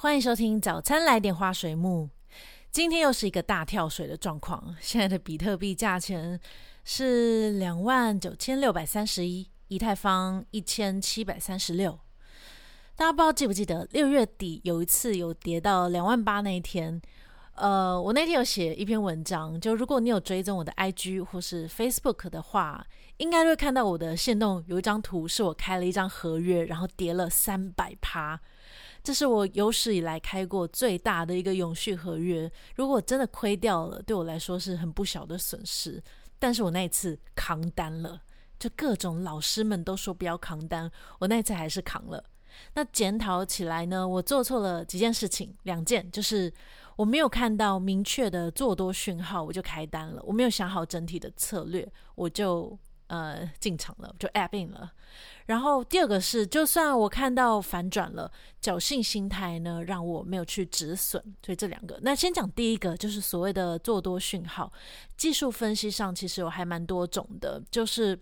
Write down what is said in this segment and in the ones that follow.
歡迎收聽早餐來點花水木。今天又是一個大跳水的狀況。現在的比特幣價錢是兩萬九千六百三十一，以太坊一千七百三十六。大家不知道記不記得六月底有一次有跌到兩萬八那一天？呃，我那天有寫一篇文章，就如果你有追蹤我的 IG 或是 Facebook 的話，應該會看到我的限動有一張圖，是我開了一張合約，然後跌了三百趴。這是我有史以來開過最大的一個永續合約。如果真的虧掉了，對我來說是很不小的損失。但是我那一次扛單了，就各種老師們都說不要扛單，我那次還是扛了。那檢討起來呢，我做錯了幾件事情，兩件就是我沒有看到明確的做多訊號，我就開單了，我沒有想好整體的策略我就。呃，進場了，就 add in 了，然後第二個是，就算我看到反轉了，僥倖心態呢，讓我沒有去止損，所以這兩個，那先講第一個，就是所謂的做多訊號，技術分析上其實有還蠻多種的，就是，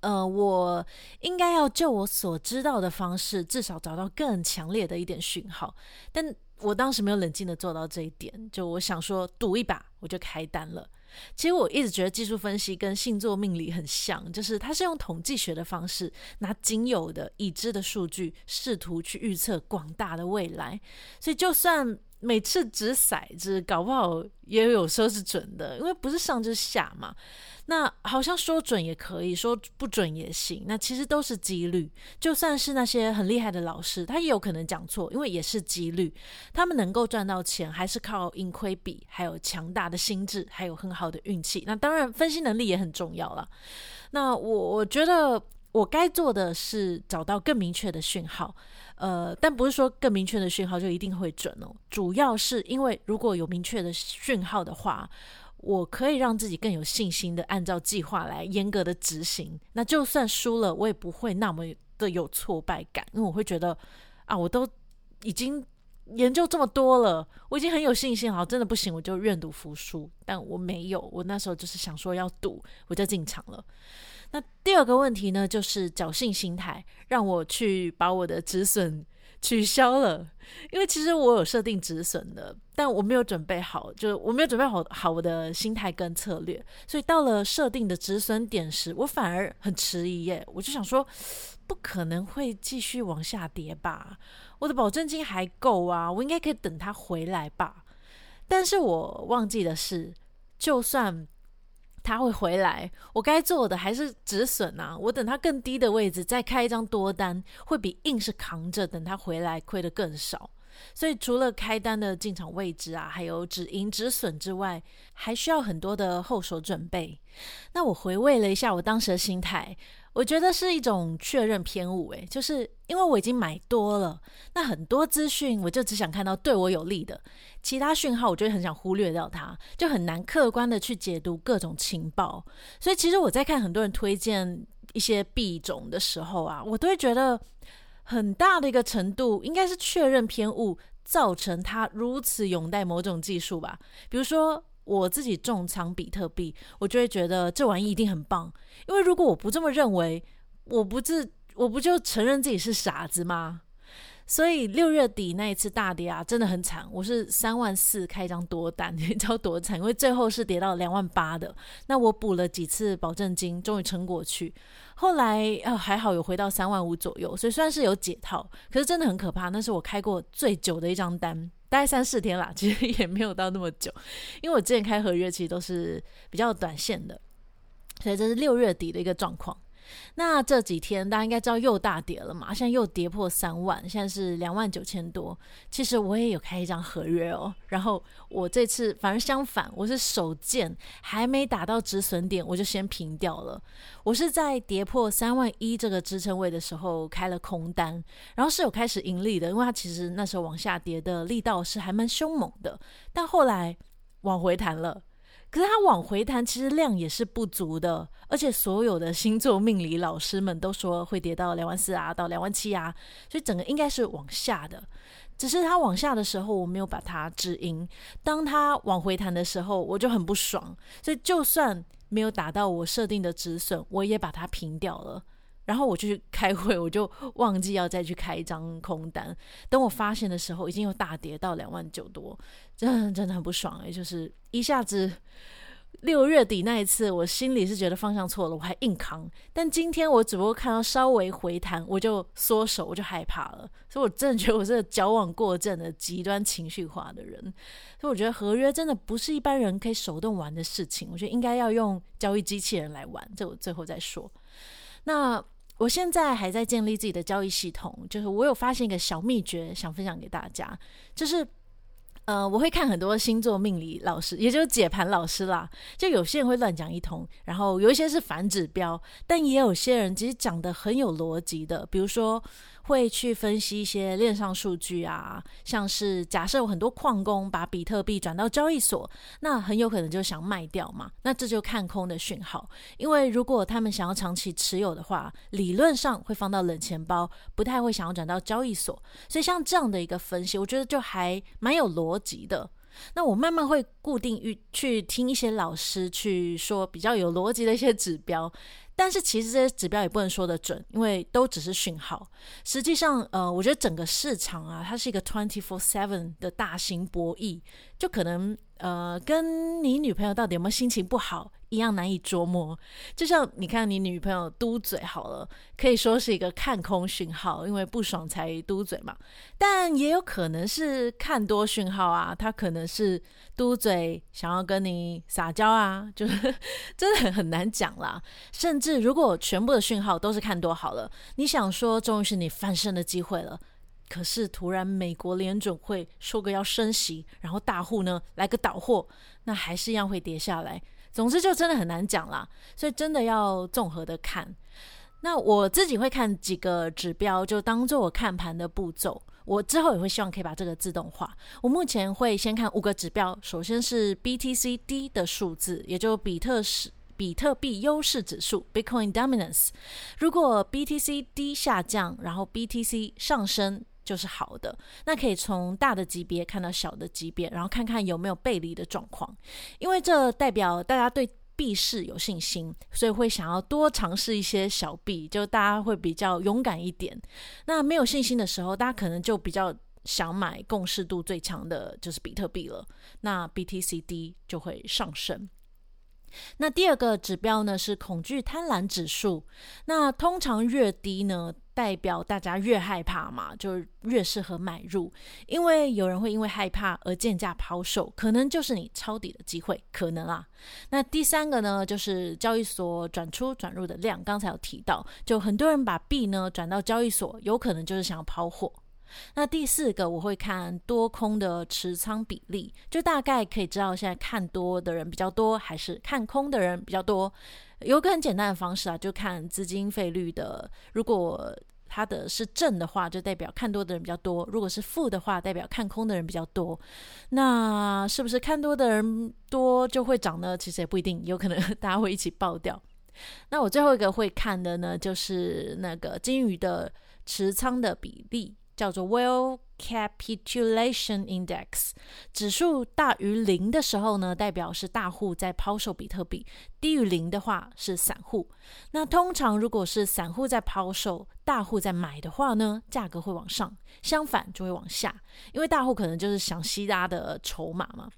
呃，我應該要就我所知道的方式，至少找到更強烈的一點訊號，但我當時沒有冷靜的做到這一點，就我想說賭一把，我就開單了。其實我一直覺得技術分析跟星座命理很像，就是它是用統計學的方式，拿僅有的已知的數據，試圖去預測廣大的未來，所以就算。每次擲骰子，搞不好也有時候是準的，因為不是上就是下嘛。那好像說準也可以說不準也行，那其實都是幾率。就算是那些很厲害的老師，他也有可能講錯，因為也是幾率。他們能夠賺到錢，還是靠盈虧比，還有強大的心智，還有很好的運氣。那當然，分析能力也很重要了。那我我覺得。我該做的是找到更明確的訊號，呃，但不是說更明確的訊號就一定會準哦。主要是因為，如果有明確的訊號的話，我可以讓自己更有信心的按照計劃來嚴格的執行。那就算輸了，我也不會那麼的有挫敗感，因為我會覺得啊，我都已經研究這麼多了，我已經很有信心了。好，真的不行，我就願賭服輸。但我沒有，我那時候就是想說要賭，我就進場了。那第二個問題呢，就是僥倖心態讓我去把我的止損取消了，因為其實我有設定止損的，但我沒有準備好，就我沒有準備好好我的心態跟策略，所以到了設定的止損點時，我反而很遲疑耶，我就想說，不可能會繼續往下跌吧？我的保證金還夠啊，我應該可以等它回來吧？但是我忘記的是，就算。他會回來，我該做的還是止損啊！我等他更低的位置再開一張多單，會比硬是扛着等他回來虧得更少。所以除了開單的進場位置啊，還有止盈止損之外，還需要很多的後手準備。那我回味了一下我當時的心態。我覺得是一種確認偏誤，誒，就是因為我已經買多了，那很多資訊我就只想看到對我有利的，其他訊號我就很想忽略掉它，就很難客觀地去解讀各種情報。所以其實我在看很多人推薦一些幣種的時候啊，我都會覺得很大的一個程度應該是確認偏誤造成他如此擁戴某種技術吧，比如說。我自己重倉比特幣，我就會覺得這玩意一定很棒。因為如果我不這麼認為，我不自我不就承認自己是傻子嗎？所以六月底那一次大跌啊，真的很慘。我是三萬四開一張多單，你知道多慘？因為最後是跌到兩萬八的，那我補了幾次保證金，終於撐過去。後來啊、呃、還好有回到三萬五左右，所以雖然是有解套。可是真的很可怕，那是我開過最久的一張單。大概三四天啦，其實也沒有到那麼久，因為我之前開合約其實都是比較短線的，所以這是六月底的一個狀況。那這幾天大家應該知道又大跌了嘛？現在又跌破三萬，現在是兩萬九千多。其實我也有開一張合約哦，然後我這次反而相反，我是手賤還沒打到止損點，我就先平掉了。我是在跌破三萬一這個支撐位的時候開了空單，然後是有開始盈利的，因為它其實那時候往下跌的力道是還蠻凶猛的，但後來往回彈了。可是它往回彈，其實量也是不足的，而且所有的星座命理老師們都說會跌到兩萬四啊，到兩萬七啊，所以整個應該是往下的。只是它往下的時候我沒有把它止盈，當它往回彈的時候我就很不爽，所以就算沒有達到我設定的止損，我也把它平掉了。然後我就去開會，我就忘記要再去開一張空單。等我發現的時候，已經有大跌到兩萬九多，真的，真的很不爽欸。也就是一下子六月底那一次，我心裡是覺得方向錯了，我還硬扛。但今天我只不過看到稍微回彈，我就縮手，我就害怕了。所以，我真的覺得我是個矯枉過正的極端情緒化的人。所以，我覺得合約真的不是一般人可以手動玩的事情。我覺得應該要用交易機器人來玩。這我最後再說。那。我現在還在建立自己的交易系統，就是我有發現一個小秘訣，想分享給大家，就是。呃，我會看很多星座命理老師，也就是解盤老師啦。就有些人會亂講一通，然後有一些是反指標，但也有些人其實講的很有邏輯的。比如說，會去分析一些鏈上數據啊，像是假設有很多礦工把比特幣轉到交易所，那很有可能就想賣掉嘛，那這就看空的訊號。因為如果他們想要長期持有的話，理論上會放到冷錢包，不太會想要轉到交易所。所以像這樣的一個分析，我覺得就還蠻有邏。的，那我慢慢會固定去聽一些老師去說比較有邏輯的一些指標。但是其實這些指標也不能說得準，因為都只是訊號。實際上，呃，我覺得整個市場啊，它是一個 twenty four seven 的大型博弈，就可能呃，跟你女朋友到底有沒有心情不好一樣難以捉摸。就像你看你女朋友嘟嘴好了，可以說是一個看空訊號，因為不爽才嘟嘴嘛。但也有可能是看多訊號啊，她可能是嘟嘴想要跟你撒嬌啊，就是真的很難講啦，甚至。是，如果全部的訊號都是看多好了，你想說，終於是你翻身的機會了，可是突然美國聯準會說個要升息，然後大戶呢來個倒貨，那還是一樣會跌下來。總之就真的很難講啦，所以真的要綜合的看。那我自己會看幾個指標，就當做我看盤的步驟。我之後也會希望可以把這個自動化。我目前會先看五個指標，首先是 BTCD 的數字，也就比特幣。比特幣優勢指數 （Bitcoin Dominance），如果 BTCD 下降，然後 BTC 上升就是好的。那可以從大的級別看到小的級別，然後看看有沒有背離的狀況，因為這代表大家對幣市有信心，所以會想要多嘗試一些小幣，就大家會比較勇敢一點。那沒有信心的時候，大家可能就比較想買共識度最強的，就是比特幣了。那 BTCD 就會上升。那第二個指標呢是恐懼貪婪指數，那通常越低呢，代表大家越害怕嘛，就越適合買入，因為有人會因為害怕而賤價拋售，可能就是你抄底的機會，可能啊。那第三個呢，就是交易所轉出轉入的量，剛才有提到，就很多人把幣呢轉到交易所，有可能就是想要拋貨。那第四個我會看多空的持倉比例，就大概可以知道現在看多的人比較多還是看空的人比較多。有個很簡單的方式啊，就看資金費率的，如果它的是正的話，就代表看多的人比較多；如果是負的話，代表看空的人比較多。那是不是看多的人多就會漲呢？其實也不一定，有可能大家會一起爆掉。那我最後一個會看的呢，就是那個金魚的持倉的比例。叫做 Well Capitulation Index 指數大於零的時候呢，代表是大戶在拋售比特幣；低於零的話是散戶。那通常如果是散戶在拋售，大戶在買的話呢，價格會往上；相反就會往下，因為大戶可能就是想吸他的籌碼嘛。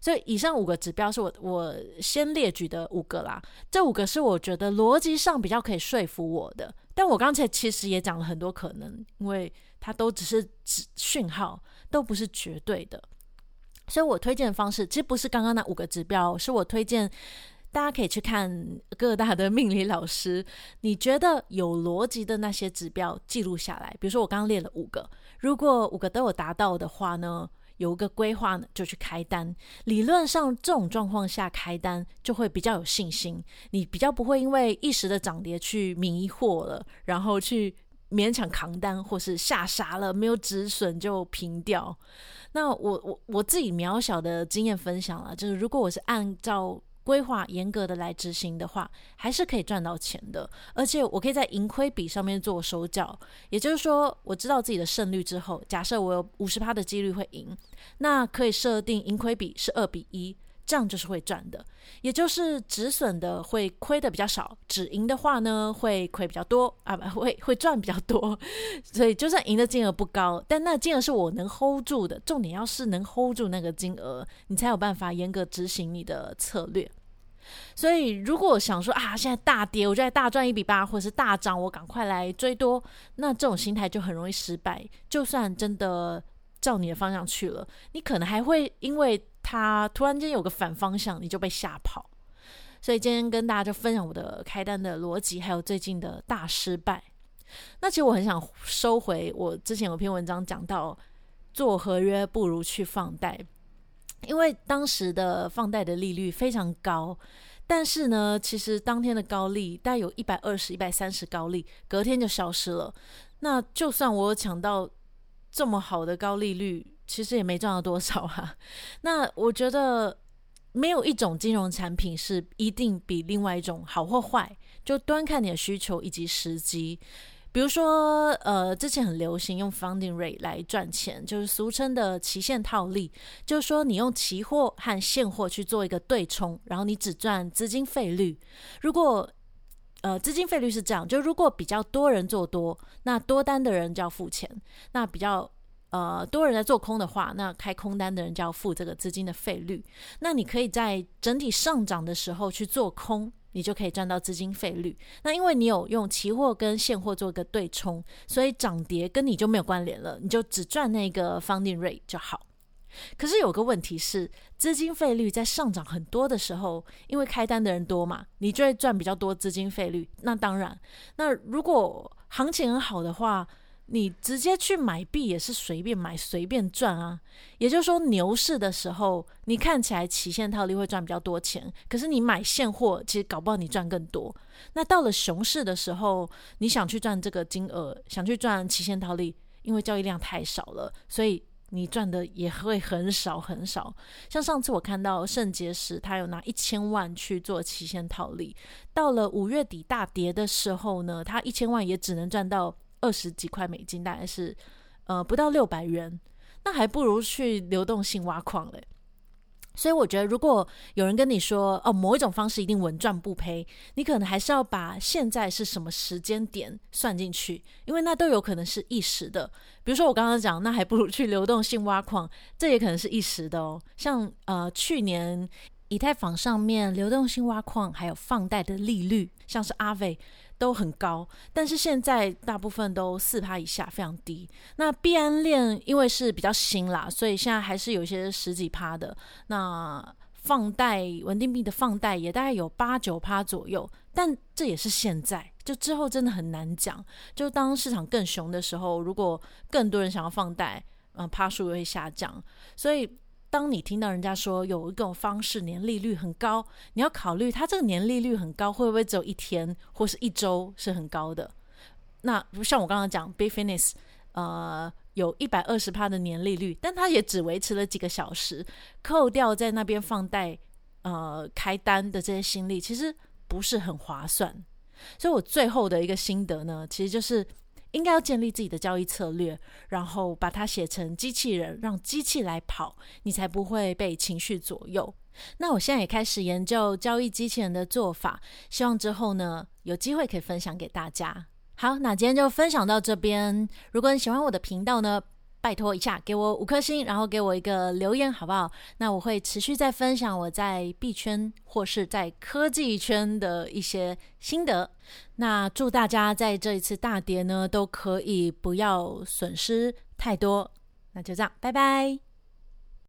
所以以上五個指標是我我先列舉的五個啦，這五個是我覺得邏輯上比較可以說服我的。但我剛才其實也講了很多可能，因為它都只是指訊號，都不是絕對的。所以我推薦的方式，其實不是剛剛那五個指標，是我推薦大家可以去看各大的命理老師。你覺得有邏輯的那些指標，記錄下來。比如說我剛剛列了五個，如果五個都有達到的話呢，有一個規劃呢，就去開單。理論上這種狀況下開單，就會比較有信心，你比較不會因為一時的漲跌去迷惑了，然後去，勉強扛單，或是下殺了沒有止損就平掉。那我我我自己渺小的經驗分享了，就是如果我是按照規劃嚴格的來執行的話，還是可以賺到錢的。而且我可以在盈虧比上面做手腳，也就是說我知道自己的勝率之後，假設我有五十趴的幾率會贏，那可以設定盈虧比是二比一。這樣就是會賺的，也就是止損的會虧的比較少，止盈的話呢會虧比較多啊，不會會賺比較多。所以就算贏的金額不高，但那金額是我能 hold 住的。重點要是能 hold 住那個金額，你才有辦法嚴格執行你的策略。所以如果想說啊，現在大跌，我就來大賺一筆吧，或者是大漲，我趕快來追多，那這種心態就很容易失敗。就算真的照你的方向去了，你可能還會因為。他突然間有個反方向，你就被嚇跑。所以今天跟大家就分享我的開單的邏輯，還有最近的大失敗。那其實我很想收回，我之前有篇文章講到，做合約不如去放貸，因為當時的放貸的利率非常高。但是呢，其實當天的高利大概有一百二十、一百三十高利，隔天就消失了。那就算我搶到這麼好的高利率。其實也沒賺到多少哈、啊，那我覺得沒有一種金融產品是一定比另外一種好或壞，就端看你的需求以及時機。比如說，呃，之前很流行用 funding rate 來賺錢，就是俗稱的期限套利，就是說你用期貨和現貨去做一個對沖，然後你只賺資金費率。如果呃資金費率是這樣，就如果比較多人做多，那多單的人就要付錢，那比較。呃，多人在做空的話，那開空單的人就要付這個資金的費率。那你可以在整體上漲的時候去做空，你就可以賺到資金費率。那因為你有用期貨跟現貨做一個對沖，所以漲跌跟你就沒有關聯了，你就只賺那個 funding rate 就好。可是有個問題是，資金費率在上漲很多的時候，因為開單的人多嘛，你就會賺比較多資金費率。那當然，那如果行情很好的話。你直接去買幣也是隨便買隨便賺啊，也就是說牛市的時候，你看起來期限套利會賺比較多錢，可是你買現貨，其實搞不好你賺更多。那到了熊市的時候，你想去賺這個金額，想去賺期限套利，因為交易量太少了，所以你賺的也會很少很少。像上次我看到聖結石，他有拿一千萬去做期限套利，到了五月底大跌的時候呢，他一千萬也只能賺到，二十幾塊美金大概是，呃，不到六百元，那還不如去流動性挖礦嘞。所以我覺得，如果有人跟你說哦，某一種方式一定穩賺不賠，你可能還是要把現在是什麼時間點算進去，因為那都有可能是一時的。比如說我剛剛講，那還不如去流動性挖礦，這也可能是一時的哦。像呃，去年以太坊上面流動性挖礦還有放貸的利率，像是 Aave。都很高，但是現在大部分都四趴以下，非常低。那幣安鏈因為是比較新啦，所以現在還是有些十幾趴的。那放貸穩定幣的放貸也大概有八九趴左右，但這也是現在，就之後真的很難講。就當市場更熊的時候，如果更多人想要放貸，嗯、呃，趴數又會下降，所以。當你聽到人家說有一種方式年利率很高，你要考慮它這個年利率很高，會不會只有一天或是一周是很高的？那像我剛剛講，Binance，呃，有一百二十趴的年利率，但它也只維持了幾個小時，扣掉在那邊放貸、呃，開單的這些心力，其實不是很划算。所以我最後的一個心得呢，其實就是。應該要建立自己的交易策略，然後把它寫成機器人，讓機器來跑，你才不會被情緒左右。那我現在也開始研究交易機器人的做法，希望之後呢，有機會可以分享給大家。好，那今天就分享到這邊。如果你喜歡我的頻道呢，拜託一下，給我五顆星，然後給我一個留言，好不好？那我會持續再分享我在幣圈或是在科技圈的一些心得。那祝大家在這一次大跌呢，都可以不要損失太多。那就這樣，拜拜。